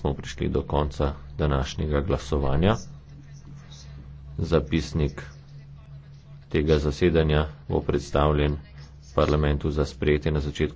smo prišli do konca današnjega glasovanja. Zapisnik tega zasedanja bo predstavljen parlamentu za sprejetje na začetku.